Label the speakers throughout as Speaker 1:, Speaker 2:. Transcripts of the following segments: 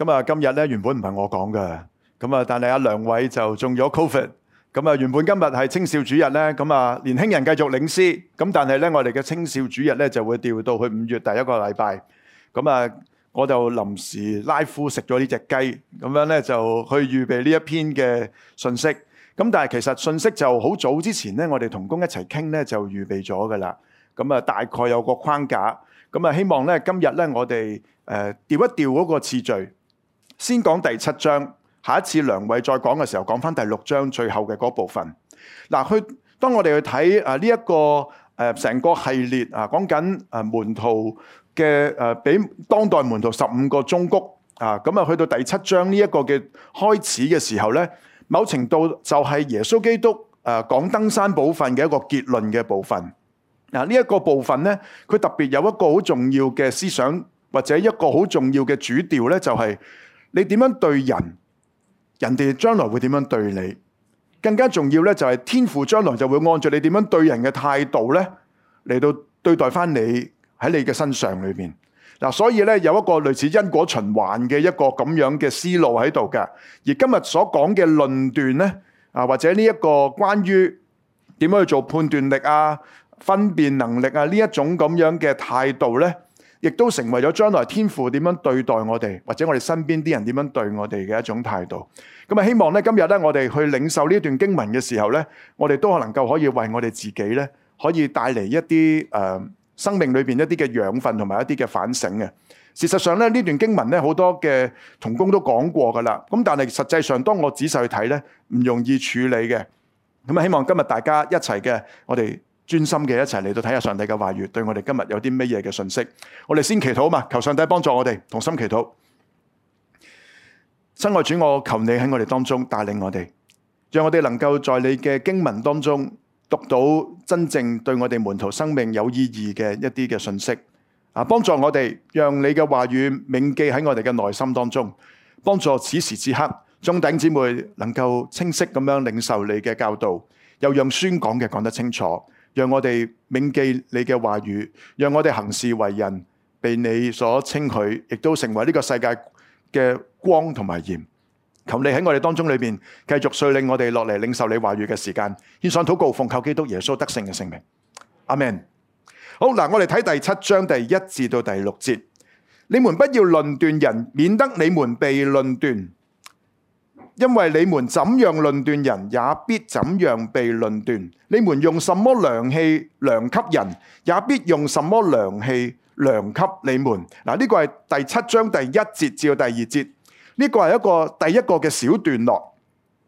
Speaker 1: 咁啊，今日咧原本唔係我講㗎，咁啊，但係阿梁偉就中咗 COVID，咁啊，原本今日係青少主日咧，咁啊，年輕人繼續領詩，咁但係咧，我哋嘅青少主日咧就會調到去五月第一個禮拜，咁啊，我就臨時拉夫食咗呢隻雞，咁樣咧就去預備呢一篇嘅信息，咁但係其實信息就好早之前咧，我哋同工一齊傾咧就預備咗㗎啦，咁啊大概有個框架，咁啊希望咧今日咧我哋誒調一調嗰個次序。先講第七章，下一次梁慧再講嘅時候講翻第六章最後嘅嗰部分。嗱，去當我哋去睇啊呢一、這個誒成、呃、個系列啊，講緊誒門徒嘅誒，俾、啊、當代門徒十五個忠告啊，咁啊去到第七章呢一個嘅開始嘅時候咧，某程度就係耶穌基督誒講登山寶訓嘅一個結論嘅部分。嗱、啊，呢、這、一個部分呢，佢特別有一個好重要嘅思想或者一個好重要嘅主調呢、就是，就係。你點樣對人，人哋將來會點樣對你？更加重要咧，就係天父將來就會按照你點樣對人嘅態度咧，嚟到對待返你喺你嘅身上裏邊。嗱、啊，所以咧，有一個類似因果循環嘅一個咁樣嘅思路喺度嘅。而今日所講嘅論斷咧，啊或者呢一個關於點樣去做判斷力啊、分辨能力啊，這這呢一種咁樣嘅態度咧。亦都成為咗將來天父點樣對待我哋，或者我哋身邊啲人點樣對我哋嘅一種態度。咁啊，希望咧今日咧我哋去領受呢段經文嘅時候咧，我哋都能夠可以為我哋自己咧，可以帶嚟一啲誒、呃、生命裏邊一啲嘅養分同埋一啲嘅反省嘅。事實上咧，呢段經文咧好多嘅同工都講過噶啦。咁但係實際上當我仔細去睇咧，唔容易處理嘅。咁啊，希望今日大家一齊嘅，我哋。專心嘅一齊嚟到睇下上帝嘅話語，對我哋今日有啲咩嘢嘅信息？我哋先祈禱嘛，求上帝幫助我哋同心祈禱。親愛主我，我求你喺我哋當中帶領我哋，讓我哋能夠在你嘅經文當中讀到真正對我哋門徒生命有意義嘅一啲嘅信息。啊，幫助我哋，讓你嘅話語銘記喺我哋嘅內心當中，幫助此時此刻眾弟姊妹能夠清晰咁樣領受你嘅教導，又讓宣講嘅講得清楚。讓我哋銘記你嘅話語，讓我哋行事為人被你所稱許，亦都成為呢個世界嘅光同埋鹽。求你喺我哋當中裏邊繼續率領我哋落嚟領受你話語嘅時間。獻上禱告奉靠基督耶穌得勝嘅聖名，阿門。好嗱，我哋睇第七章第一至到第六節，你們不要論斷人，免得你們被論斷。因為你們怎樣論斷人，也必怎樣被論斷；你們用什麼量器量給人，也必用什麼量器量給你們。嗱，呢個係第七章第一節至到第二節，呢、這個係一個第一個嘅小段落。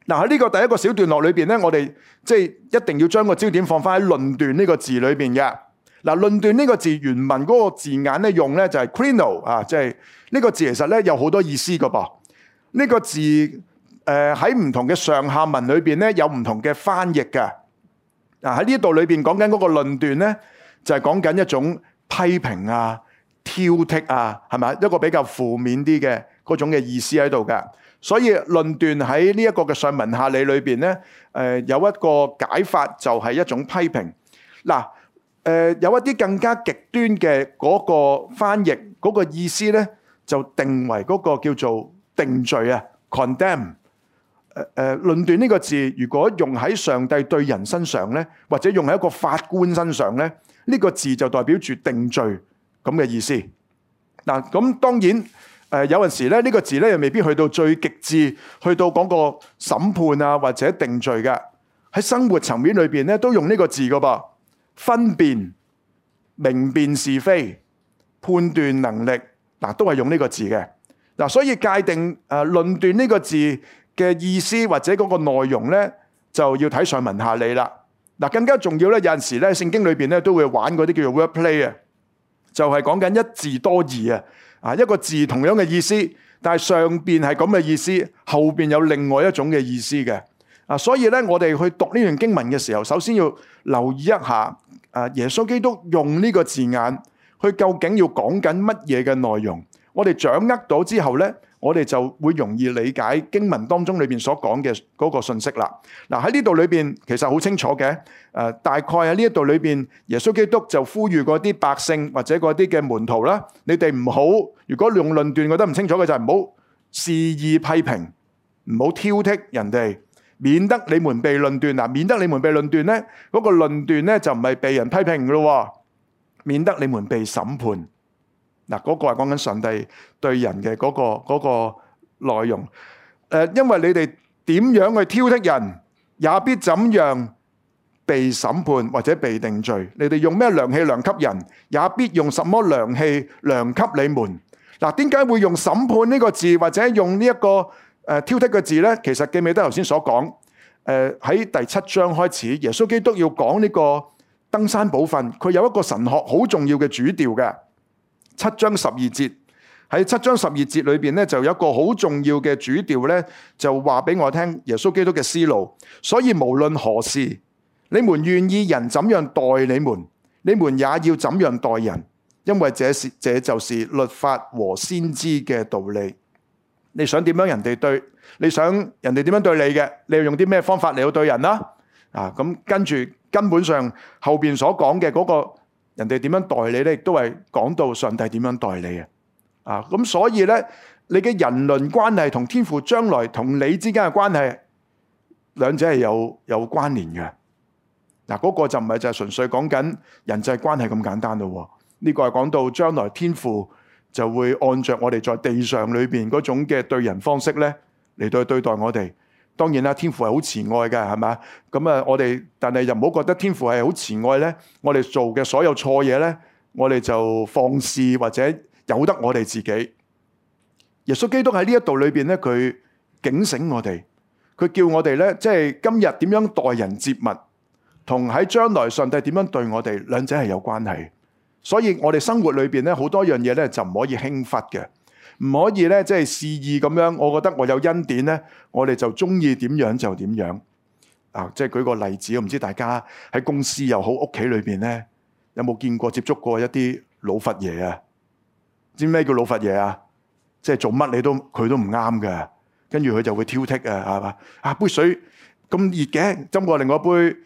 Speaker 1: 嗱喺呢個第一個小段落裏邊咧，我哋即係一定要將個焦點放翻喺論斷呢個字裏邊嘅。嗱，論斷呢個字原文嗰個字眼咧，用咧就係 krino 啊，即係呢個字其實咧有好多意思噶噃，呢、這個字。誒喺唔同嘅上下文裏邊咧，有唔同嘅翻譯嘅。啊、呃、喺呢度裏邊講緊嗰個論斷咧，就係講緊一種批評啊、挑剔啊，係咪？一個比較負面啲嘅嗰種嘅意思喺度嘅。所以論斷喺呢一個嘅上文下理裏邊咧，誒、呃、有一個解法就係一種批評。嗱、呃、誒、呃、有一啲更加極端嘅嗰個翻譯嗰、嗰個意思咧，就定為嗰個叫做定罪啊 condemn。Cond 誒誒，論斷呢個字，如果用喺上帝對人身上咧，或者用喺一個法官身上咧，呢個字就代表住定罪咁嘅意思。嗱，咁當然誒，有陣時咧呢個字咧又未必去到最極致，去到嗰個審判啊或者定罪嘅。喺生活層面裏邊咧，都用呢個字噶噃，分辨、明辨是非、判斷能力，嗱都係用呢個字嘅。嗱，所以界定誒論斷呢個字，嘅意思或者嗰個內容咧，就要睇上文下理啦。嗱，更加重要咧，有陣時咧聖經裏邊咧都會玩嗰啲叫做 wordplay 啊，就係講緊一字多義啊。啊，一個字同樣嘅意思，但係上邊係咁嘅意思，後邊有另外一種嘅意思嘅。啊，所以咧我哋去讀呢段經文嘅時候，首先要留意一下啊，耶穌基督用呢個字眼，佢究竟要講緊乜嘢嘅內容？我哋掌握到之後咧。我哋就會容易理解經文當中裏邊所講嘅嗰個信息啦。嗱，喺呢度裏邊其實好清楚嘅，誒、呃、大概喺呢一度裏邊，耶穌基督就呼籲嗰啲百姓或者嗰啲嘅門徒啦，你哋唔好如果用論斷覺得唔清楚嘅就係唔好肆意批評，唔好挑剔人哋，免得你們被論斷。嗱，免得你們被論斷咧，嗰、嗰個論斷咧就唔係被人批評嘅咯喎，免得你們被審判。嗱，嗰個係講緊上帝對人嘅嗰個嗰個內容。誒，因為你哋點樣去挑剔人，也必怎樣被審判或者被定罪。你哋用咩量器量給人，也必用什麼量器量給你們。嗱，點解會用審判呢個字或者用呢一個誒挑剔嘅字咧？其實記唔記得頭先所講。誒，喺第七章開始，耶穌基督要講呢個登山寶訓，佢有一個神學好重要嘅主調嘅。七章十二節，喺七章十二節裏邊咧，就有一個好重要嘅主調咧，就話俾我聽耶穌基督嘅思路。所以無論何事，你們願意人怎樣待你們，你們也要怎樣待人，因為這是這就是律法和先知嘅道理。你想點樣人哋對，你想人哋點樣對你嘅，你要用啲咩方法嚟到對人啦？啊，咁跟住根本上後邊所講嘅嗰個。人哋點樣待你呢，亦都係講到上帝點樣待你啊！啊，咁所以呢，你嘅人倫關係同天父將來同你之間嘅關係，兩者係有有關聯嘅。嗱，嗰個就唔係就係純粹講緊人際關係咁簡單咯。呢個係講到將來天父就會按著我哋在地上裏邊嗰種嘅對人方式呢，嚟到對待我哋。當然啦，天父係好慈愛嘅，係咪？咁啊，我哋但係又唔好覺得天父係好慈愛咧，我哋做嘅所有錯嘢咧，我哋就放肆或者由得我哋自己。耶穌基督喺呢一度裏邊咧，佢警醒我哋，佢叫我哋咧，即係今日點樣待人接物，同喺將來上帝點樣對我哋，兩者係有關係。所以我哋生活裏邊咧，好多樣嘢咧，就唔可以輕忽嘅。唔可以咧，即係肆意咁樣。我覺得我有恩典咧，我哋就中意點樣就點樣。啊，即係舉個例子，我唔知大家喺公司又好，屋企裏邊咧，有冇見過接觸過一啲老佛爺啊？知咩叫老佛爺啊？即係做乜你都佢都唔啱嘅，跟住佢就會挑剔啊，係嘛？啊，杯水咁熱嘅，斟過另外一杯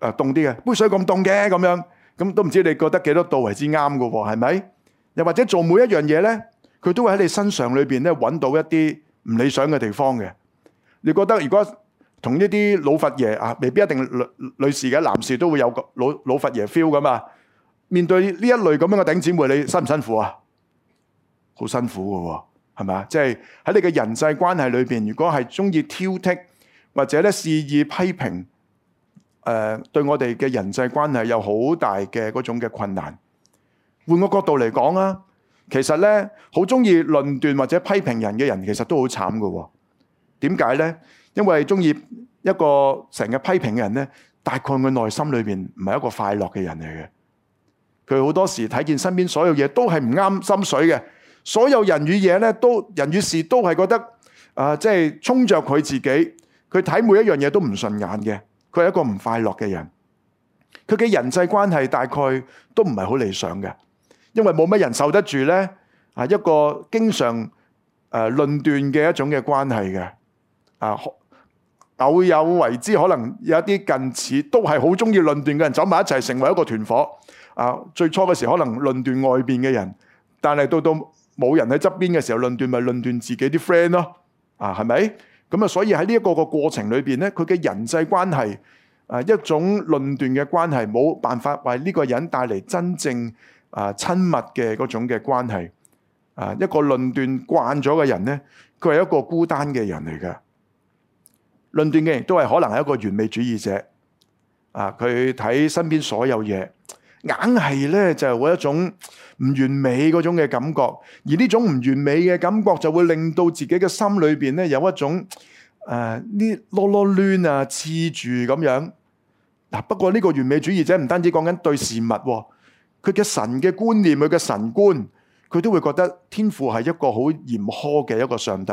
Speaker 1: 啊，凍啲嘅，杯水咁凍嘅，咁樣咁都唔知你覺得幾多度為之啱嘅喎？係咪？又或者做每一樣嘢咧，佢都會喺你身上裏邊咧揾到一啲唔理想嘅地方嘅。你覺得如果同一啲老佛爺啊，未必一定女女士嘅男士都會有個老老佛爺 feel 噶嘛？面對呢一類咁樣嘅頂姊妹，你辛唔辛苦啊？好辛苦㗎喎，係咪啊？即係喺你嘅人際關係裏邊，如果係鍾意挑剔或者咧肆意批評，誒對我哋嘅人際關係有好大嘅嗰種嘅困難。換個角度嚟講啊。其實咧，好中意論斷或者批評人嘅人，其實都好慘噶喎。點解呢？因為中意一個成日批評嘅人呢，大概佢內心裏面唔係一個快樂嘅人嚟嘅。佢好多時睇見身邊所有嘢都係唔啱心水嘅，所有人與嘢呢，都人與事都係覺得啊，即係衝着佢自己。佢睇每一樣嘢都唔順眼嘅，佢係一個唔快樂嘅人。佢嘅人際關係大概都唔係好理想嘅。因為冇乜人受得住呢，啊，一個經常誒論斷嘅一種嘅關係嘅，啊，偶有為之可能有一啲近似，都係好中意論斷嘅人走埋一齊，成為一個團伙。啊，最初嘅時候可能論斷外邊嘅人，但係到到冇人喺側邊嘅時候，論斷咪論斷自己啲 friend 咯，啊，係咪？咁啊，所以喺呢一個個過程裏邊呢，佢嘅人際關係，啊，一種論斷嘅關係，冇辦法為呢個人帶嚟真正。啊，親密嘅嗰種嘅關係，啊，一個論斷慣咗嘅人呢，佢係一個孤單嘅人嚟嘅。論斷嘅亦都係可能係一個完美主義者，啊，佢睇身邊所有嘢，硬、啊、係呢就會、有一種唔完美嗰種嘅感覺，而呢種唔完美嘅感覺就會令到自己嘅心裏邊呢有一種誒，呢、啊、囉囉攣啊，刺住咁樣、啊。不過呢個完美主義者唔單止講緊對事物。啊佢嘅神嘅觀念，佢嘅神觀，佢都會覺得天父係一個好嚴苛嘅一個上帝，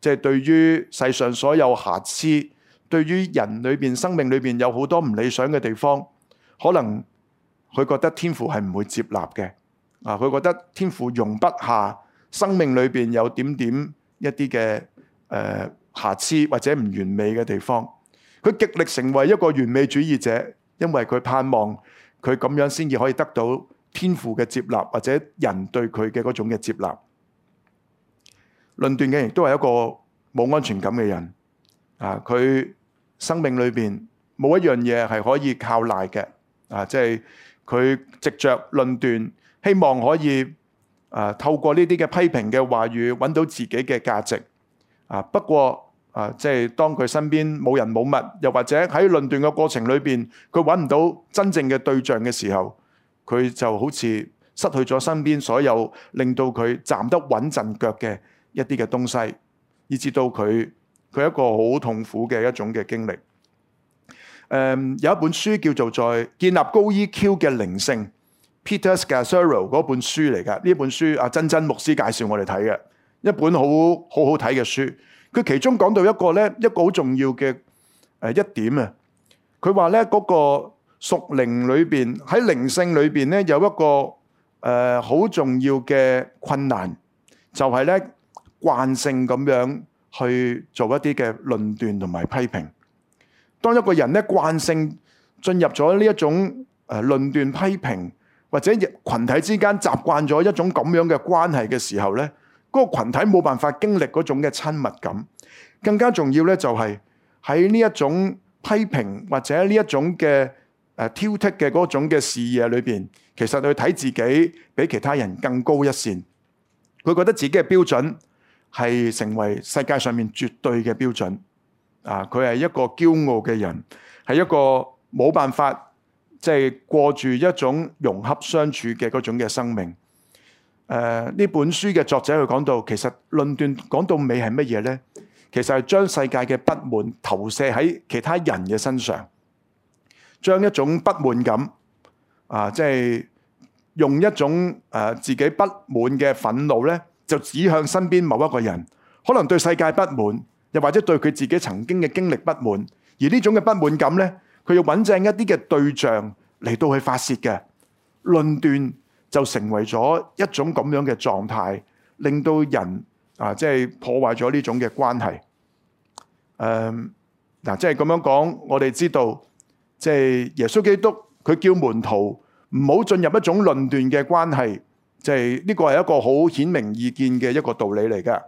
Speaker 1: 即係對於世上所有瑕疵，對於人裏邊生命裏邊有好多唔理想嘅地方，可能佢覺得天父係唔會接納嘅，啊，佢覺得天父容不下生命裏邊有點點一啲嘅誒瑕疵或者唔完美嘅地方，佢極力成為一個完美主義者，因為佢盼望。佢咁樣先至可以得到天父嘅接納，或者人對佢嘅嗰種嘅接納。論斷嘅亦都係一個冇安全感嘅人，啊！佢生命裏邊冇一樣嘢係可以靠賴嘅，啊！即係佢藉著論斷，希望可以啊透過呢啲嘅批評嘅話語揾到自己嘅價值，啊！不過。啊！即係當佢身邊冇人冇物，又或者喺論斷嘅過程裏邊，佢揾唔到真正嘅對象嘅時候，佢就好似失去咗身邊所有令到佢站得穩陣腳嘅一啲嘅東西，以至到佢佢一個好痛苦嘅一種嘅經歷。誒、um,，有一本書叫做《在建立高 EQ 嘅靈性》，Peter Scazzero 嗰本書嚟噶。呢本書阿、啊、珍珍牧師介紹我哋睇嘅，一本好好好睇嘅書。佢其中講到一個咧，一個好重要嘅誒一點啊！佢話咧，嗰個屬靈裏邊，喺靈性裏邊咧，有一個誒好重要嘅困難，就係咧慣性咁樣去做一啲嘅論斷同埋批評。當一個人咧慣性進入咗呢一種誒論斷批評，或者群體之間習慣咗一種咁樣嘅關係嘅時候咧，嗰個群體冇辦法經歷嗰種嘅親密感，更加重要咧就係喺呢一種批評或者呢一種嘅誒挑剔嘅嗰種嘅視野裏邊，其實佢睇自己比其他人更高一線，佢覺得自己嘅標準係成為世界上面絕對嘅標準啊！佢係一個驕傲嘅人，係一個冇辦法即係過住一種融合相處嘅嗰種嘅生命。誒，呢、呃、本書嘅作者佢講到，其實論斷講到尾係乜嘢呢？其實係將世界嘅不滿投射喺其他人嘅身上，將一種不滿感啊、呃，即係用一種誒、呃、自己不滿嘅憤怒呢，就指向身邊某一個人。可能對世界不滿，又或者對佢自己曾經嘅經歷不滿，而呢種嘅不滿感呢，佢要揾正一啲嘅對象嚟到去發洩嘅論斷。就成為咗一種咁樣嘅狀態，令到人啊，即係破壞咗呢種嘅關係。誒、嗯、嗱、啊，即係咁樣講，我哋知道，即係耶穌基督，佢叫門徒唔好進入一種論斷嘅關係，即係呢個係一個好顯明意見嘅一個道理嚟㗎。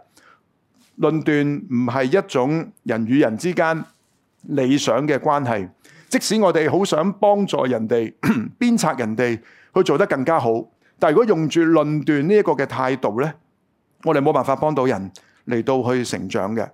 Speaker 1: 論斷唔係一種人與人之間理想嘅關係，即使我哋好想幫助人哋， 鞭策人哋。佢做得更加好，但如果用住論斷呢一個嘅態度咧，我哋冇辦法幫到人嚟到去成長嘅。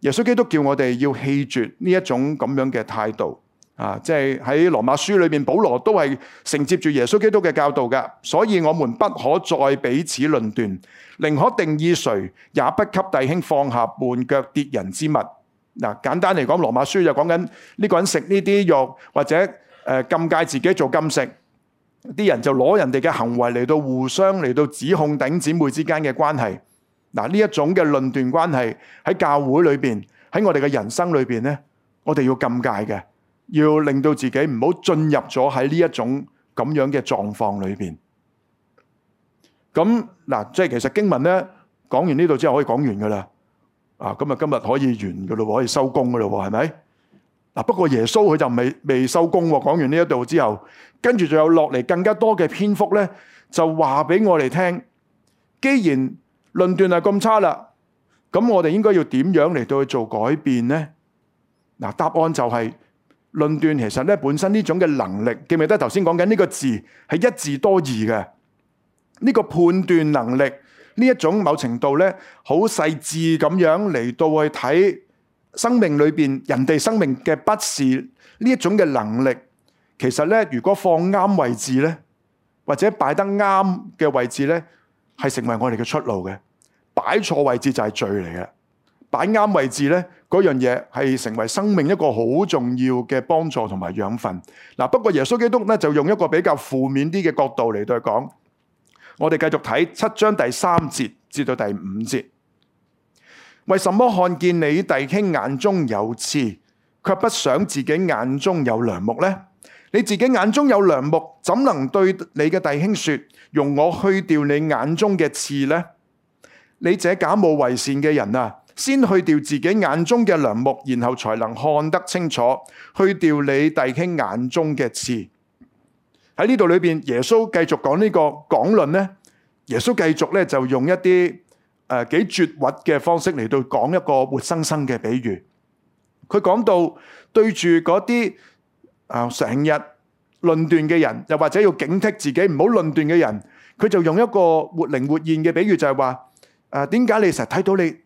Speaker 1: 耶穌基督叫我哋要棄絕呢一種咁樣嘅態度啊！即係喺羅馬書裏面，保羅都係承接住耶穌基督嘅教導㗎，所以我們不可再彼此論斷，寧可定義誰，也不給弟兄放下絆腳跌人之物。嗱、啊，簡單嚟講，羅馬書就講緊呢個人食呢啲肉或者誒、呃、禁戒自己做禁食。啲人就攞人哋嘅行為嚟到互相嚟到指控頂姊妹之間嘅關係，嗱，呢一種嘅論斷關係喺教會裏邊，喺我哋嘅人生裏邊咧，我哋要禁戒嘅，要令到自己唔好進入咗喺呢一種咁樣嘅狀況裏邊。咁嗱，即係其實經文咧講完呢度之後可以講完噶啦，啊，今日今日可以完噶咯，可以收工噶咯，係咪？不過耶穌佢就未未收工喎，講完呢一度之後，跟住仲有落嚟更加多嘅篇幅呢，就話俾我哋聽。既然論斷係咁差啦，咁我哋應該要點樣嚟到去做改變呢？」嗱，答案就係論斷其實呢本身呢種嘅能力，記唔記得頭先講緊呢個字係一字多義嘅？呢個判斷能力，呢一種某程度呢好細緻咁樣嚟到去睇。生命裏邊，人哋生命嘅不是呢一種嘅能力，其實咧，如果放啱位置咧，或者擺得啱嘅位置咧，係成為我哋嘅出路嘅。擺錯位置就係罪嚟嘅。擺啱位置咧，嗰樣嘢係成為生命一個好重要嘅幫助同埋養分。嗱，不過耶穌基督咧就用一個比較負面啲嘅角度嚟到講。我哋繼續睇七章第三節至到第五節。為什麼看見你弟兄眼中有刺，卻不想自己眼中有梁木呢？你自己眼中有梁木，怎能對你嘅弟兄說：容我去掉你眼中嘅刺呢？你這假冒為善嘅人啊，先去掉自己眼中嘅梁木，然後才能看得清楚，去掉你弟兄眼中嘅刺。喺呢度裏邊，耶穌繼續講呢個講論呢？耶穌繼續咧就用一啲。誒幾絕核嘅方式嚟到講一個活生生嘅比喻。佢講到對住嗰啲誒成日論斷嘅人，又或者要警惕自己唔好論斷嘅人，佢就用一個活靈活現嘅比喻，就係話誒點解你成日睇到你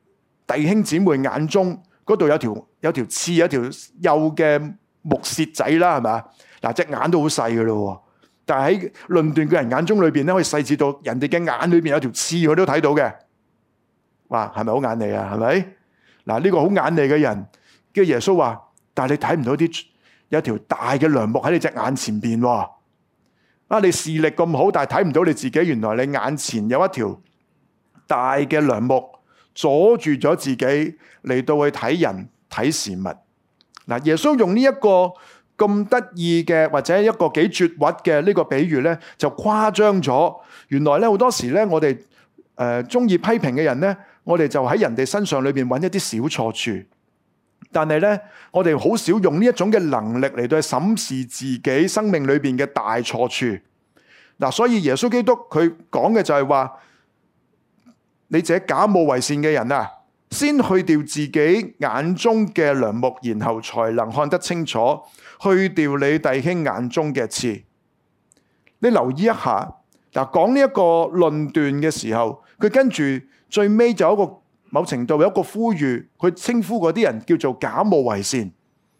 Speaker 1: 弟兄姊妹眼中嗰度有條有條刺，有條幼嘅木屑仔啦，係咪？嗱隻眼都好細㗎咯，但係喺論斷嘅人眼中裏邊咧，可以細緻到人哋嘅眼裏邊有條刺，佢都睇到嘅。哇，係咪好眼利啊？係咪？嗱、這、呢個好眼利嘅人，跟住耶穌話，但係你睇唔到啲有條大嘅梁木喺你隻眼前邊。啊，你視力咁好，但係睇唔到你自己。原來你眼前有一條大嘅梁木，阻住咗自己嚟到去睇人睇事物。嗱、啊，耶穌用呢一個咁得意嘅或者一個幾絕核嘅呢個比喻咧，就誇張咗。原來咧好多時咧，我哋誒中意批評嘅人咧。我哋就喺人哋身上裏邊揾一啲小錯處，但係呢，我哋好少用呢一種嘅能力嚟到審視自己生命裏邊嘅大錯處。嗱、啊，所以耶穌基督佢講嘅就係話，你這假冒為善嘅人啊，先去掉自己眼中嘅梁木，然後才能看得清楚。去掉你弟兄眼中嘅刺。你留意一下，嗱、啊，講呢一個論斷嘅時候，佢跟住。最尾就有一個某程度有一個呼籲，佢稱呼嗰啲人叫做假冒為善。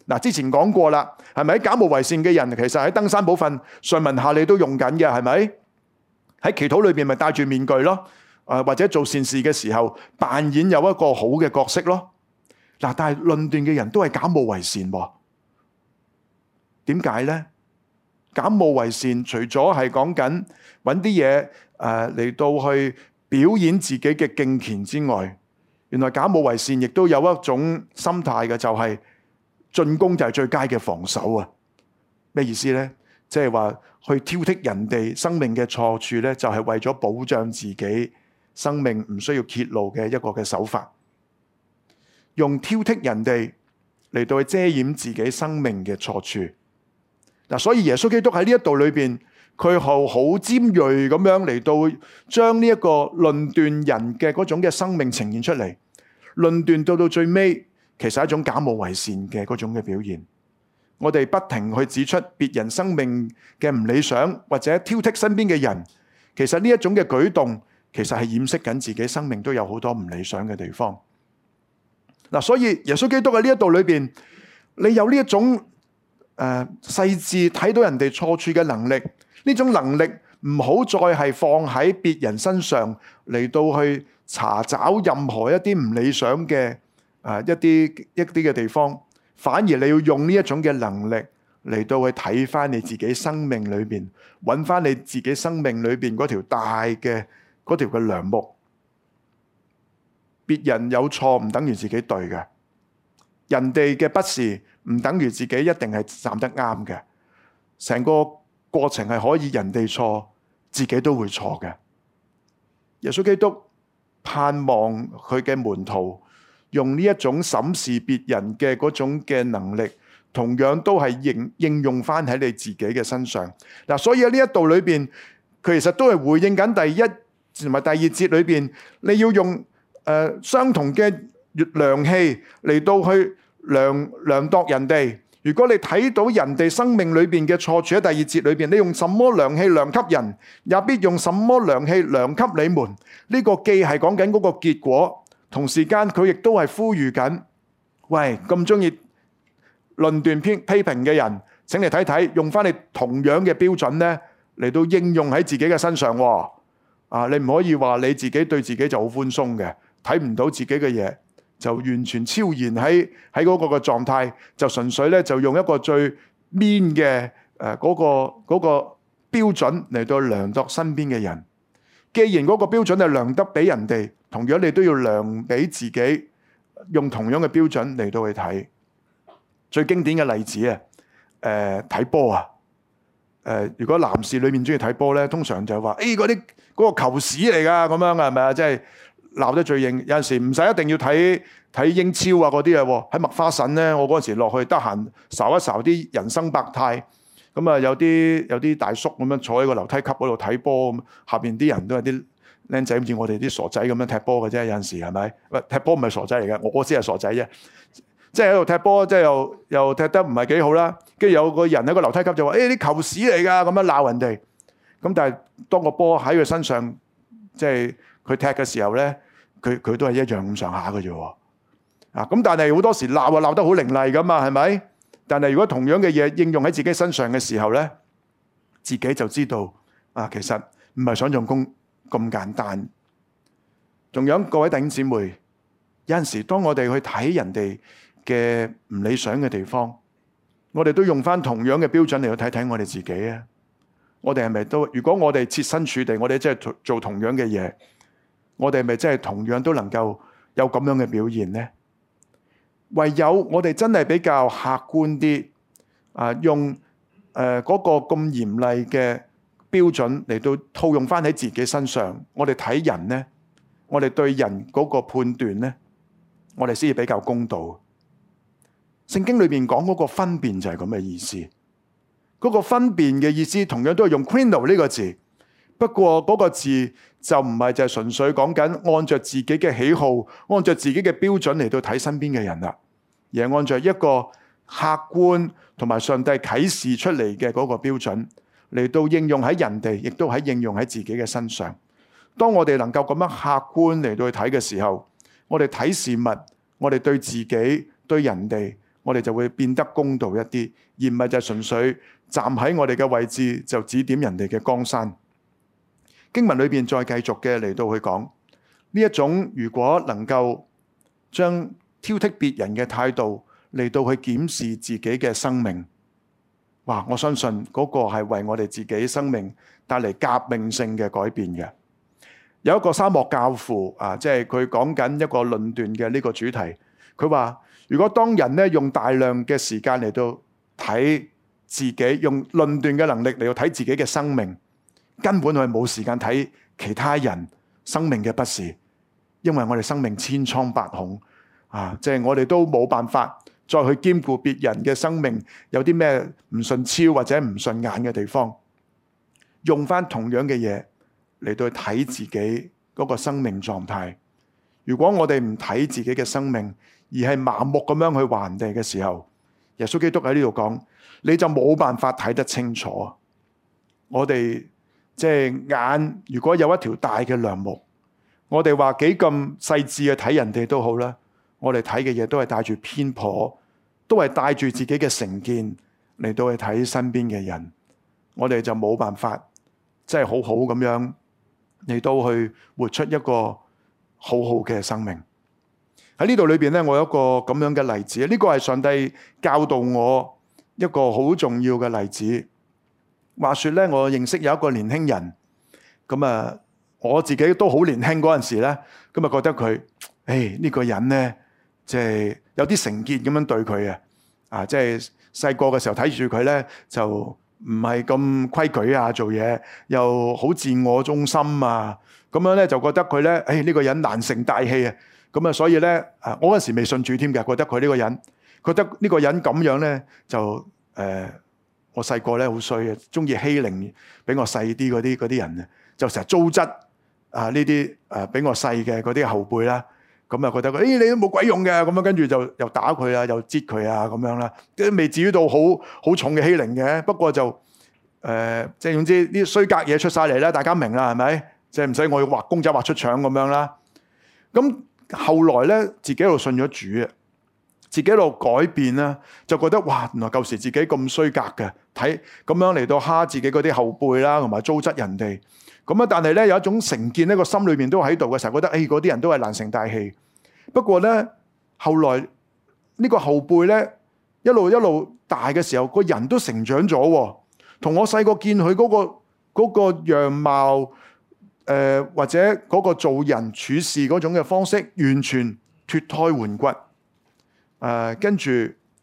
Speaker 1: 嗱，之前講過啦，係咪喺假冒為善嘅人其實喺登山部分上文下理都用緊嘅，係咪喺祈禱裏邊咪戴住面具咯？誒，或者做善事嘅時候扮演有一個好嘅角色咯。嗱，但係論斷嘅人都係假冒為善喎。點解呢？假冒為善除咗係講緊揾啲嘢誒嚟到去。表演自己嘅敬虔之外，原來假冒為善，亦都有一種心態嘅，就係進攻就係最佳嘅防守啊！咩意思呢？即係話去挑剔人哋生命嘅錯處呢，就係為咗保障自己生命唔需要揭露嘅一個嘅手法，用挑剔人哋嚟到遮掩自己生命嘅錯處。嗱，所以耶穌基督喺呢一度裏邊。佢好好尖銳咁樣嚟到將呢一個論斷人嘅嗰種嘅生命呈現出嚟，論斷到到最尾，其實係一種假冒為善嘅嗰種嘅表現。我哋不停去指出別人生命嘅唔理想，或者挑剔身邊嘅人，其實呢一種嘅舉動，其實係掩飾緊自己生命都有好多唔理想嘅地方。嗱，所以耶穌基督喺呢一度裏邊，你有呢一種誒細緻睇到人哋錯處嘅能力。呢種能力唔好再係放喺別人身上嚟到去查找任何一啲唔理想嘅啊、呃、一啲一啲嘅地方，反而你要用呢一種嘅能力嚟到去睇翻你自己生命裏邊，揾翻你自己生命裏邊嗰條大嘅嗰條嘅梁木。別人有錯唔等於自己對嘅，人哋嘅不是唔等於自己一定係站得啱嘅，成個，過程係可以人哋錯，自己都會錯嘅。耶穌基督盼望佢嘅門徒用呢一種審視別人嘅嗰種嘅能力，同樣都係應應用翻喺你自己嘅身上。嗱，所以喺呢一度裏邊，佢其實都係回應緊第一同埋第二節裏邊，你要用誒相同嘅量器嚟到去量量度人哋。如果你睇到人哋生命裏邊嘅錯處，喺第二節裏邊，你用什麼量器量給人，也必用什麼量器量給你們。呢個既係講緊嗰個結果，同時間佢亦都係呼籲緊：喂，咁鍾意論斷、批批評嘅人，請你睇睇，用翻你同樣嘅標準呢，嚟到應用喺自己嘅身上。啊，你唔可以話你自己對自己就好寬鬆嘅，睇唔到自己嘅嘢。就完全超然喺喺嗰個嘅狀態，就純粹咧就用一個最 mean 嘅誒嗰個嗰個標準嚟到量度身邊嘅人。既然嗰個標準係量得畀人哋，同樣你都要量畀自己，用同樣嘅標準嚟到去睇。最經典嘅例子啊，誒睇波啊，誒、呃、如果男士裏面中意睇波咧，通常就話：誒嗰啲嗰個球屎嚟㗎，咁樣啊，係咪啊？即係。鬧得最應，有陣時唔使一定要睇睇英超啊嗰啲嘅喎，喺麥花臣咧，我嗰陣時落去得閒睄一睄啲人生百態。咁啊，有啲有啲大叔咁樣坐喺個樓梯級嗰度睇波，咁下邊啲人都係啲僆仔，好似我哋啲傻仔咁樣，就是，踢波嘅啫。有陣時係咪？唔係踢波唔係傻仔嚟嘅，我先係傻仔啫。即係喺度踢波，即係又又踢得唔係幾好啦。跟住有個人喺個樓梯級就話，誒、欸、啲球屎嚟㗎！咁樣鬧人哋。咁但係當個波喺佢身上，即係佢踢嘅時候咧。佢佢都係一樣咁上下㗎啫喎，啊咁但係好多時鬧啊鬧得好凌厲噶嘛，係咪？但係如果同樣嘅嘢應用喺自己身上嘅時候咧，自己就知道啊，其實唔係想用功咁簡單。仲有各位弟兄姊妹，有陣時當我哋去睇人哋嘅唔理想嘅地方，我哋都用翻同樣嘅標準嚟去睇睇我哋自己啊。我哋係咪都？如果我哋設身處地，我哋即係做同樣嘅嘢。我哋係咪真係同樣都能夠有咁樣嘅表現呢？唯有我哋真係比較客觀啲，啊用誒嗰、呃那個咁嚴厲嘅標準嚟到套用翻喺自己身上，我哋睇人呢，我哋對人嗰個判斷呢，我哋先至比較公道。聖經裏邊講嗰個分辨就係咁嘅意思，嗰、那個分辨嘅意思同樣都係用 krino 呢個字。不過嗰個字就唔係就係純粹講緊按著自己嘅喜好、按著自己嘅標準嚟到睇身邊嘅人啦，而係按照一個客觀同埋上帝啟示出嚟嘅嗰個標準嚟到應用喺人哋，亦都喺應用喺自己嘅身上。當我哋能夠咁樣客觀嚟到去睇嘅時候，我哋睇事物，我哋對自己、對人哋，我哋就會變得公道一啲，而唔係就係純粹站喺我哋嘅位置就指點人哋嘅江山。經文裏邊再繼續嘅嚟到去講呢一種，如果能夠將挑剔別人嘅態度嚟到去檢視自己嘅生命，哇！我相信嗰個係為我哋自己生命帶嚟革命性嘅改變嘅。有一個沙漠教父啊，即係佢講緊一個論斷嘅呢個主題。佢話如果當人呢，用大量嘅時間嚟到睇自己，用論斷嘅能力嚟到睇自己嘅生命。根本係冇時間睇其他人生命嘅不是，因為我哋生命千瘡百孔啊！即係我哋都冇辦法再去兼顧別人嘅生命有啲咩唔順超或者唔順眼嘅地方，用翻同樣嘅嘢嚟到睇自己嗰個生命狀態。如果我哋唔睇自己嘅生命，而係盲目咁樣去話人哋嘅時候，耶穌基督喺呢度講，你就冇辦法睇得清楚。我哋即係眼，如果有一條大嘅梁木，我哋話幾咁細緻去睇人哋都好啦。我哋睇嘅嘢都係帶住偏頗，都係帶住自己嘅成見嚟到去睇身邊嘅人。我哋就冇辦法，即係好好咁樣嚟到去活出一個好好嘅生命。喺呢度裏邊咧，我有一個咁樣嘅例子，呢、呢個係上帝教導我一個好重要嘅例子。話説咧，我認識有一個年輕人，咁啊，我自己都好年輕嗰陣時咧，咁啊覺得佢，誒呢個人咧，即係有啲成見咁樣對佢嘅，啊即係細個嘅時候睇住佢咧，就唔係咁規矩啊，做嘢又好自我中心啊，咁樣咧就覺得佢咧，誒呢個人難成大器啊，咁啊所以咧，啊我嗰時未信主添嘅，覺得佢呢個人，覺得呢個人咁樣咧就誒。呃我細個咧好衰嘅，鍾意欺凌比我細啲嗰啲啲人啊，就成日糟質啊呢啲誒比我細嘅嗰啲後輩啦，咁啊覺得佢誒、哎、你都冇鬼用嘅，咁樣跟住就又打佢啊，又擠佢啊咁樣啦，都未至於到好好重嘅欺凌嘅，不過就誒即係總之啲衰格嘢出晒嚟啦，大家明啦係咪？即係唔使我去畫公仔畫出腸咁樣啦。咁後來咧，自己又信咗主啊。自己一路改變啦，就覺得哇，原來舊時自己咁衰格嘅，睇咁樣嚟到蝦自己嗰啲後輩啦，同埋糟質人哋。咁啊，但係咧有一種成見，呢個心裏面都喺度嘅時候，覺得誒嗰啲人都係難成大器。不過咧，後來呢個後輩咧一路一路大嘅時候，個人都成長咗喎。同我細個見佢嗰個嗰個樣貌，誒、呃、或者嗰個做人處事嗰種嘅方式，完全脫胎換骨。誒、啊，跟住，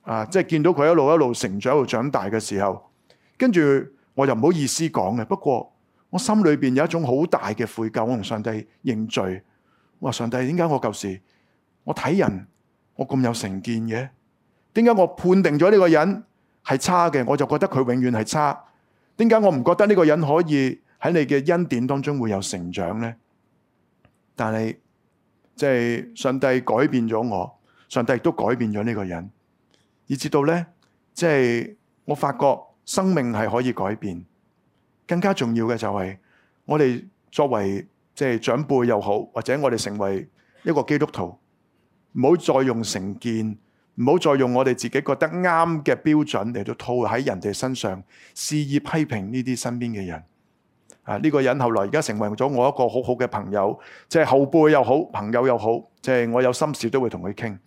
Speaker 1: 啊，即係見到佢一路一路成長、一路長大嘅時候，跟住我就唔好意思講嘅。不過我心裏邊有一種好大嘅悔疚，我同上帝認罪。哇，上帝，點解我舊時我睇人我咁有成見嘅？點解我判定咗呢個人係差嘅？我就覺得佢永遠係差。點解我唔覺得呢個人可以喺你嘅恩典當中會有成長呢？但係即係上帝改變咗我。上帝亦都改變咗呢個人，以致到呢，即係我發覺生命係可以改變。更加重要嘅就係我哋作為即係長輩又好，或者我哋成為一個基督徒，唔好再用成見，唔好再用我哋自己覺得啱嘅標準嚟到套喺人哋身上，肆意批評呢啲身邊嘅人。啊，呢個人後來而家成為咗我一個好好嘅朋友，即係後輩又好，朋友又好，即係我有心事都會同佢傾。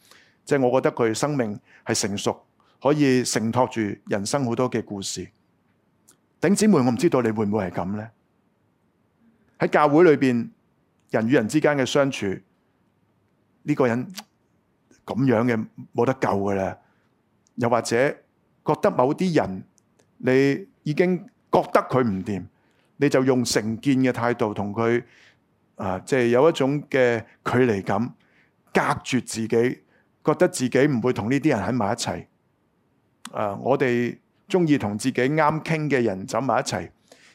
Speaker 1: 即係我覺得佢生命係成熟，可以承托住人生好多嘅故事。頂姊妹，我唔知道你會唔會係咁呢？喺教會裏邊，人與人之間嘅相處，呢個人咁樣嘅冇得救噶啦。又或者覺得某啲人，你已經覺得佢唔掂，你就用成見嘅態度同佢，啊、呃，即係有一種嘅距離感，隔住自己。覺得自己唔會同呢啲人喺埋一齊、呃，我哋中意同自己啱傾嘅人走埋一齊，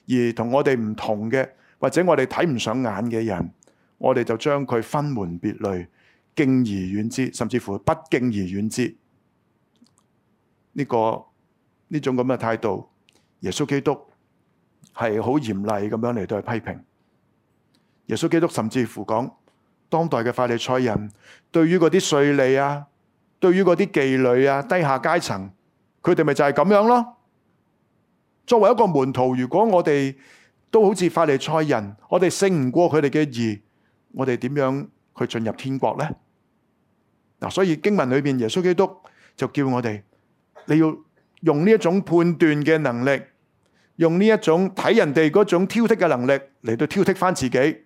Speaker 1: 而我同我哋唔同嘅，或者我哋睇唔上眼嘅人，我哋就將佢分門別類，敬而遠之，甚至乎不敬而遠之。呢、這個呢種咁嘅態度，耶穌基督係好嚴厲咁樣嚟對佢批評。耶穌基督甚至乎講。當代嘅法利賽人對於嗰啲稅吏啊，對於嗰啲妓女啊、低下階層，佢哋咪就係咁樣咯。作為一個門徒，如果我哋都好似法利賽人，我哋勝唔過佢哋嘅義，我哋點樣去進入天國呢？嗱，所以經文裏邊耶穌基督就叫我哋，你要用呢一種判斷嘅能力，用呢一種睇人哋嗰種挑剔嘅能力嚟到挑剔翻自己。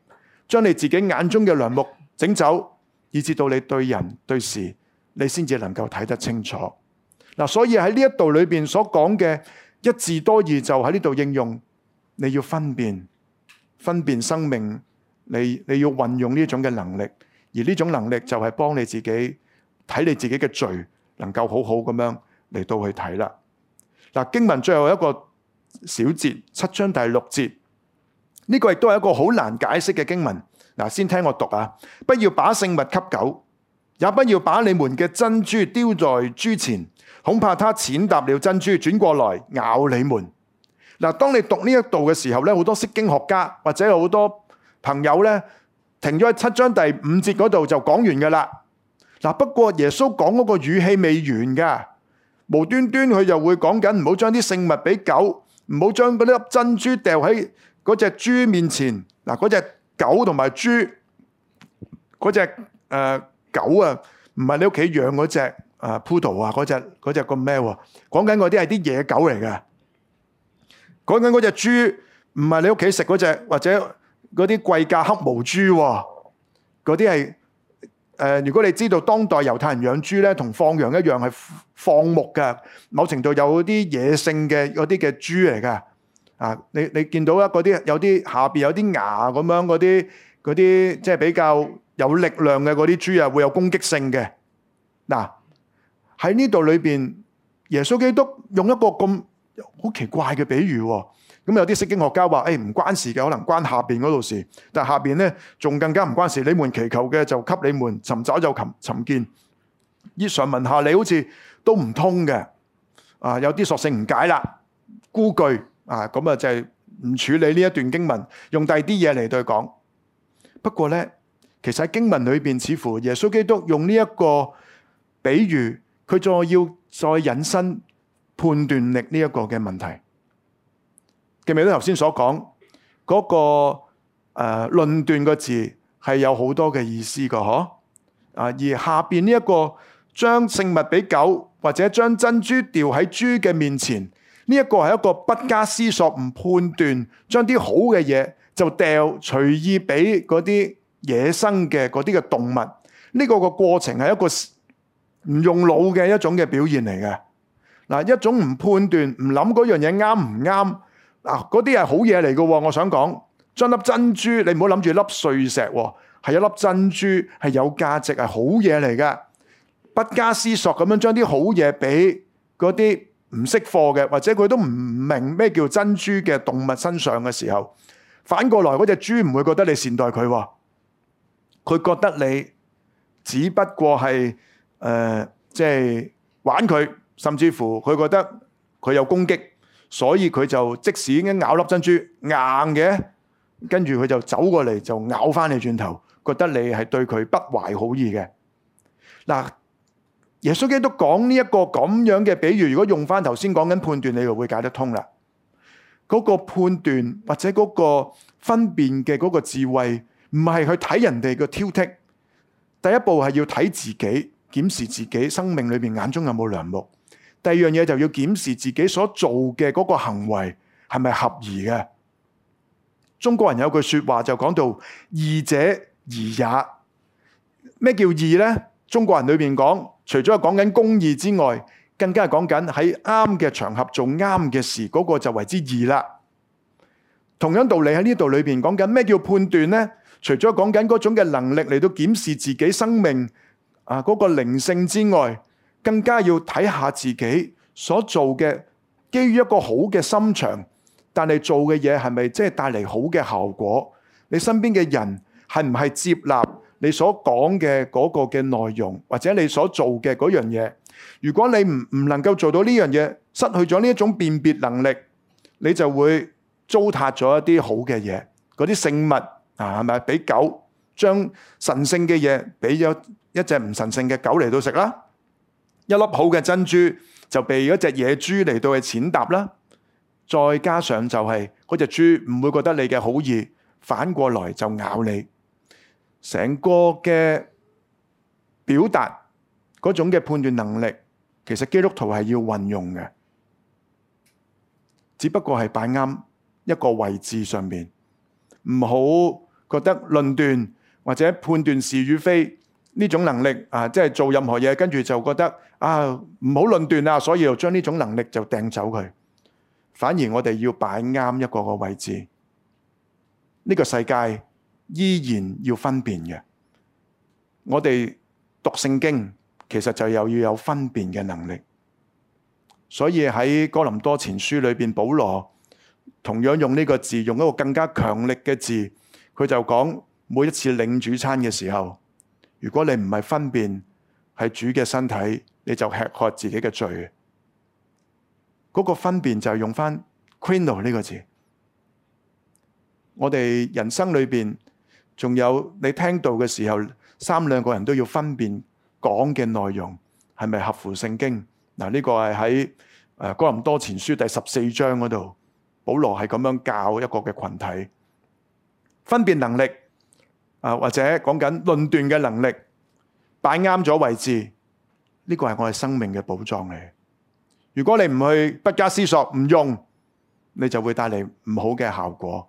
Speaker 1: 將你自己眼中嘅梁木整走，以至到你對人對事，你先至能夠睇得清楚。嗱、啊，所以喺呢一度裏邊所講嘅一字多義就喺呢度應用。你要分辨，分辨生命，你你要運用呢種嘅能力，而呢種能力就係幫你自己睇你自己嘅罪，能夠好好咁樣嚟到去睇啦。嗱、啊，經文最後一個小節，七章第六節。呢個亦都係一個好難解釋嘅經文。嗱，先聽我讀啊！不要把聖物給狗，也不要把你們嘅珍珠丟在豬前，恐怕牠踐踏了珍珠，轉過來咬你們。嗱，當你讀呢一度嘅時候咧，好多釋經學家或者好多朋友咧，停咗喺七章第五節嗰度就講完噶啦。嗱，不過耶穌講嗰個語氣未完噶，無端端佢就會講緊唔好將啲聖物俾狗，唔好將嗰粒珍珠掉喺嗰隻豬面前，嗱嗰隻狗同埋豬，嗰隻誒狗啊，唔係你屋企養嗰隻啊，poodle 啊，嗰隻嗰隻個咩喎？講緊嗰啲係啲野狗嚟嘅。講緊嗰隻豬唔係你屋企食嗰隻，或者嗰啲貴價黑毛豬啊，嗰啲係誒。如果你知道當代猶太人養豬咧，同放羊一樣係放牧嘅，某程度有啲野性嘅嗰啲嘅豬嚟嘅。啊！你你見到一嗰啲有啲下邊有啲牙咁樣嗰啲嗰啲，即係比較有力量嘅嗰啲豬啊，會有攻擊性嘅。嗱喺呢度裏邊，耶穌基督用一個咁好奇怪嘅比喻喎。咁有啲聖經學家話，誒唔關事嘅，可能關下邊嗰度事。但係下邊呢仲更加唔關事。你們祈求嘅就給你們，尋找就尋尋見。以上文下你好似都唔通嘅，啊有啲索性唔解啦，孤據。啊，咁啊就係唔處理呢一段經文，用第二啲嘢嚟對講。不過呢，其實喺經文裏邊，似乎耶穌基督用呢一個比喻，佢仲要再引申判斷力呢一個嘅問題。記唔記得頭先所講嗰，那個誒、呃、論斷嘅字，係有好多嘅意思嘅嗬，啊？而下邊呢一個將聖物俾狗，或者將珍珠掉喺豬嘅面前。呢一個係一個不加思索、唔判斷，將啲好嘅嘢就掉，隨意俾嗰啲野生嘅嗰啲嘅動物。呢個個過程係一個唔用腦嘅一種嘅表現嚟嘅。嗱，一種唔判斷、唔諗嗰樣嘢啱唔啱。嗱，嗰啲係好嘢嚟嘅。我想講，將粒珍珠，你唔好諗住粒碎石喎，係一粒珍珠，係有價值，係好嘢嚟嘅。不加思索咁樣將啲好嘢俾嗰啲唔識貨嘅，或者佢都唔明咩叫珍珠嘅動物身上嘅時候，反過來嗰隻豬唔會覺得你善待佢，佢覺得你只不過係誒即係玩佢，甚至乎佢覺得佢有攻擊，所以佢就即使已經咬粒珍珠硬嘅，跟住佢就走過嚟就咬翻你轉頭，覺得你係對佢不懷好意嘅嗱。耶穌基督講呢一個咁樣嘅比喻，如果用翻頭先講緊判斷，你就會解得通啦。嗰、嗰個判斷或者嗰個分辨嘅嗰個智慧，唔係去睇人哋嘅挑剔。第一步係要睇自己，檢視自己生命裏面眼中有冇梁木。第二樣嘢就要檢視自己所做嘅嗰個行為係咪合宜嘅。中國人有句說話就講到義者宜也。咩叫義呢？中國人裏面講。除咗係講緊公義之外，更加係講緊喺啱嘅場合做啱嘅事，嗰個就為之義啦。同樣道理喺呢度裏邊講緊咩叫判斷呢？除咗講緊嗰種嘅能力嚟到檢視自己生命啊嗰個靈性之外，更加要睇下自己所做嘅，基於一個好嘅心腸，但你做嘅嘢係咪即係帶嚟好嘅效果？你身邊嘅人係唔係接納？你所講嘅嗰個嘅內容，或者你所做嘅嗰樣嘢，如果你唔唔能夠做到呢樣嘢，失去咗呢一種辨別能力，你就會糟蹋咗一啲好嘅嘢。嗰啲聖物啊，係咪俾狗將神聖嘅嘢俾咗一隻唔神聖嘅狗嚟到食啦？一粒好嘅珍珠就被嗰隻野豬嚟到去踐踏啦。再加上就係、是、嗰隻豬唔會覺得你嘅好意，反過來就咬你。成個嘅表達嗰種嘅判斷能力，其實基督徒係要運用嘅，只不過係擺啱一個位置上面，唔好覺得論斷或者判斷是與非呢種能力啊，即係做任何嘢，跟住就覺得啊，唔好論斷啊，所以就將呢種能力就掟走佢，反而我哋要擺啱一個個位置，呢個世界。依然要分辨嘅，我哋讀聖經其實就有要有分辨嘅能力。所以喺哥林多前書裏邊，保羅同樣用呢個字，用一個更加強力嘅字，佢就講每一次領主餐嘅時候，如果你唔係分辨係主嘅身體，你就吃喝自己嘅罪。嗰個分辨就用翻 krino 呢個字。我哋人生裏邊。仲有你聽到嘅時候，三兩個人都要分辨講嘅內容係咪合乎聖經嗱？呢個係喺《哥林多前書》第十四章嗰度，保羅係咁樣教一個嘅群體，分辨能力啊，或者講緊論斷嘅能力擺啱咗位置，呢個係我哋生命嘅寶藏嚟。如果你唔去不加思索唔用，你就會帶嚟唔好嘅效果。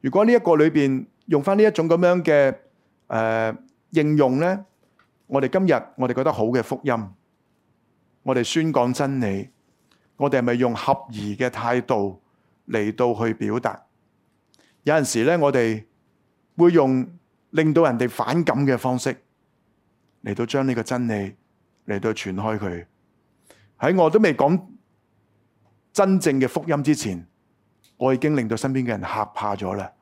Speaker 1: 如果呢一個裏邊，用翻呢一種咁樣嘅誒、呃、應用咧，我哋今日我哋覺得好嘅福音，我哋宣講真理，我哋係咪用合宜嘅態度嚟到去表達？有陣時咧，我哋會用令到人哋反感嘅方式嚟到將呢個真理嚟到傳開佢。喺我都未講真正嘅福音之前，我已經令到身邊嘅人吓怕咗啦。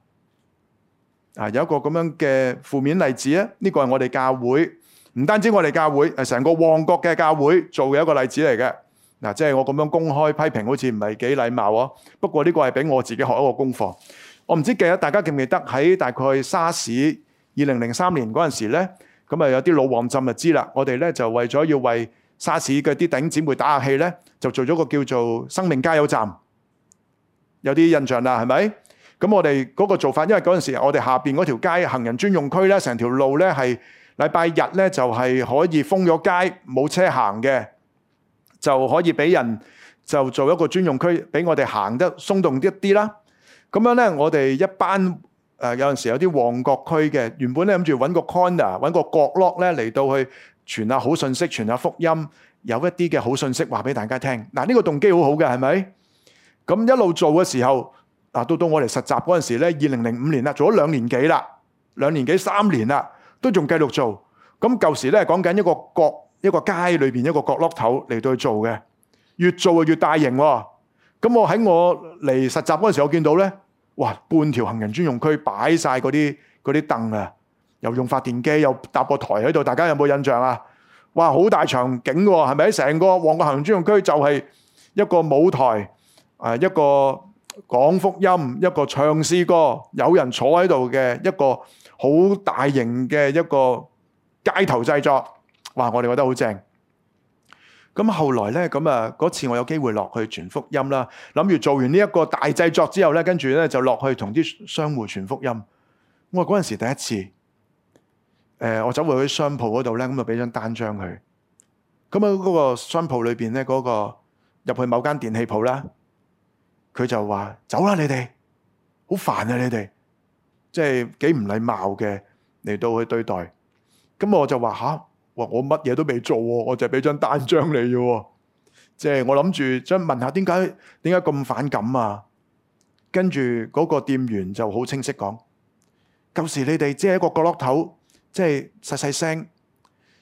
Speaker 1: 啊，有一個咁樣嘅負面例子啊！呢個係我哋教會，唔單止我哋教會，誒成個旺角嘅教會做嘅一個例子嚟嘅。嗱，即係我咁樣公開批評，好似唔係幾禮貌啊。不過呢個係俾我自己學一個功課。我唔知記唔記得，大家記唔記得喺大概沙士二零零三年嗰陣時咧，咁啊有啲老旺浸就知啦。我哋咧就為咗要為沙士嘅啲頂姊妹打下氣咧，就做咗個叫做生命加油站。有啲印象啦，係咪？咁我哋嗰個做法，因為嗰陣時我哋下邊嗰條街行人專用區咧，成條路咧係禮拜日咧就係可以封咗街，冇車行嘅，就可以俾人就做一個專用區，俾我哋行得鬆動啲一啲啦。咁樣咧，我哋一班誒有陣時有啲旺角區嘅，原本咧諗住揾個 corner，揾個角落咧嚟到去傳下好信息，傳下福音，有一啲嘅好信息話俾大家聽。嗱，呢個動機好好嘅係咪？咁一路做嘅時候。嗱，到到我嚟實習嗰陣時咧，二零零五年啦，做咗兩年幾啦，兩年幾三年啦，都仲繼續做。咁舊時咧，講緊一個角、一個街裏邊一個角落頭嚟到去做嘅，越做越大型喎。咁我喺我嚟實習嗰陣時，我見到咧，哇，半條行人專用區擺晒嗰啲嗰啲凳啊，又用發電機，又搭個台喺度，大家有冇印象啊？哇，好大場景喎，係咪？成個旺角行人專用區就係一個舞台，誒一個。講福音一個唱詩歌，有人坐喺度嘅一個好大型嘅一個街頭製作，哇！我哋覺得好正。咁後來呢，咁啊嗰次我有機會落去傳福音啦，諗住做完呢一個大製作之後呢，跟住呢就落去同啲商戶傳福音。我嗰陣時第一次，呃、我走回去商鋪嗰度呢，咁就俾張單張佢。咁啊嗰個商鋪裏邊呢，嗰、嗰個入去某間電器鋪啦。佢就話：走啦，你哋好煩啊！你哋即係幾唔禮貌嘅嚟到去對待。咁我就話吓？哇，我乜嘢都未做喎，我就係俾張單張你啫喎。即係我諗住想問下點解點解咁反感啊？跟住嗰個店員就好清晰講：舊時你哋即係一個角落頭，即係細細聲。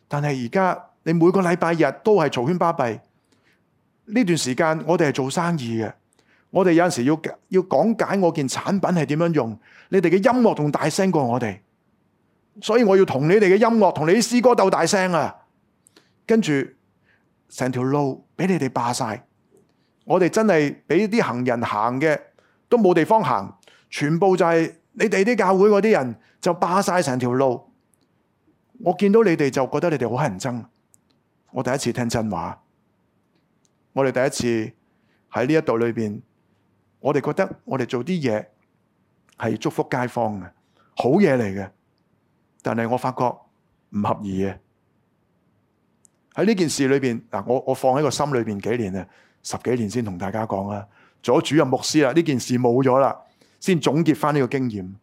Speaker 1: 但係而家你每個禮拜日都係嘈喧巴閉。呢段時間我哋係做生意嘅。我哋有陣時要要講解，解我件產品係點樣用，你哋嘅音樂仲大聲過我哋，所以我要同你哋嘅音樂同你啲詩歌鬥大聲啊！跟住成條路俾你哋霸晒，我哋真係俾啲行人行嘅都冇地方行，全部就係你哋啲教會嗰啲人就霸晒成條路。我見到你哋就覺得你哋好乞人憎，我第一次聽真話，我哋第一次喺呢一度裏邊。我哋覺得我哋做啲嘢係祝福街坊嘅好嘢嚟嘅，但係我發覺唔合意嘅。喺呢件事裏邊嗱，我我放喺個心裏邊幾年啊，十幾年先同大家講啦。做咗主任牧師啦，呢件事冇咗啦，先總結翻呢個經驗。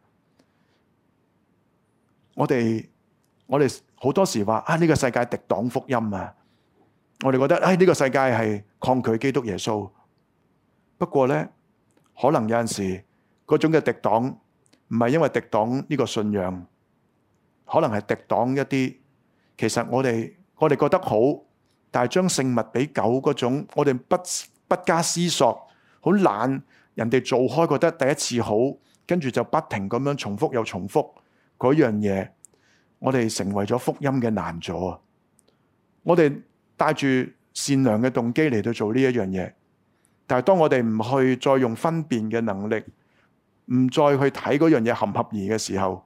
Speaker 1: 我哋我哋好多時話啊，呢個世界敵擋福音啊，我哋覺得唉，呢個世界係抗拒基督耶穌。不過咧。可能有陣時嗰種嘅敵擋唔係因為敵擋呢個信仰，可能係敵擋一啲，其實我哋我哋覺得好，但係將聖物俾狗嗰種，我哋不不加思索，好懶，人哋做開覺得第一次好，跟住就不停咁樣重複又重複嗰樣嘢，我哋成為咗福音嘅難阻啊！我哋帶住善良嘅動機嚟到做呢一樣嘢。但係，當我哋唔去再用分辨嘅能力，唔再去睇嗰樣嘢，合唔合宜嘅時候，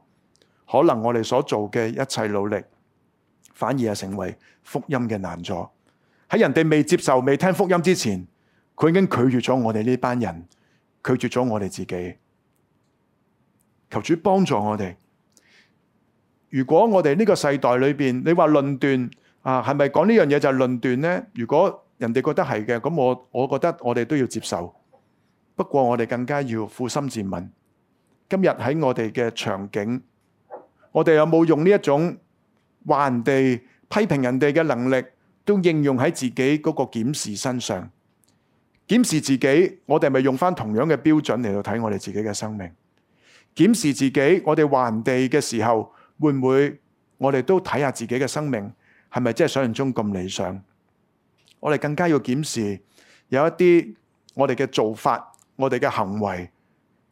Speaker 1: 可能我哋所做嘅一切努力，反而係成為福音嘅難助。喺人哋未接受、未聽福音之前，佢已經拒絕咗我哋呢班人，拒絕咗我哋自己。求主幫助我哋。如果我哋呢個世代裏邊，你話論斷啊，係咪講呢樣嘢就係論斷呢？如果人哋覺得係嘅，咁我我覺得我哋都要接受。不過我哋更加要捫心自問：今日喺我哋嘅場景，我哋有冇用呢一種話人哋批評人哋嘅能力，都應用喺自己嗰個檢視身上？檢視自己，我哋咪用返同樣嘅標準嚟到睇我哋自己嘅生命？檢視自己，我哋話人哋嘅時候，會唔會我哋都睇下自己嘅生命係咪真係想象中咁理想？我哋更加要檢視，有一啲我哋嘅做法，我哋嘅行為，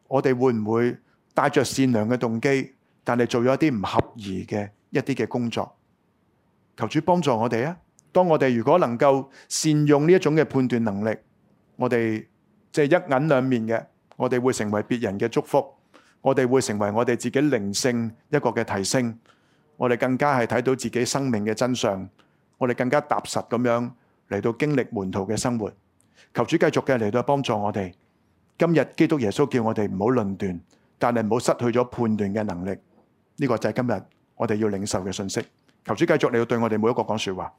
Speaker 1: 我哋會唔會帶着善良嘅動機，但係做咗一啲唔合宜嘅一啲嘅工作？求主幫助我哋啊！當我哋如果能夠善用呢一種嘅判斷能力，我哋即係一銀兩面嘅，我哋會成為別人嘅祝福，我哋會成為我哋自己靈性一個嘅提升，我哋更加係睇到自己生命嘅真相，我哋更加踏實咁樣。嚟到經歷門徒嘅生活，求主繼續嘅嚟到幫助我哋。今日基督耶穌叫我哋唔好論斷，但係唔好失去咗判斷嘅能力。呢、這個就係今日我哋要領受嘅信息。求主繼續，你要對我哋每一個講説話。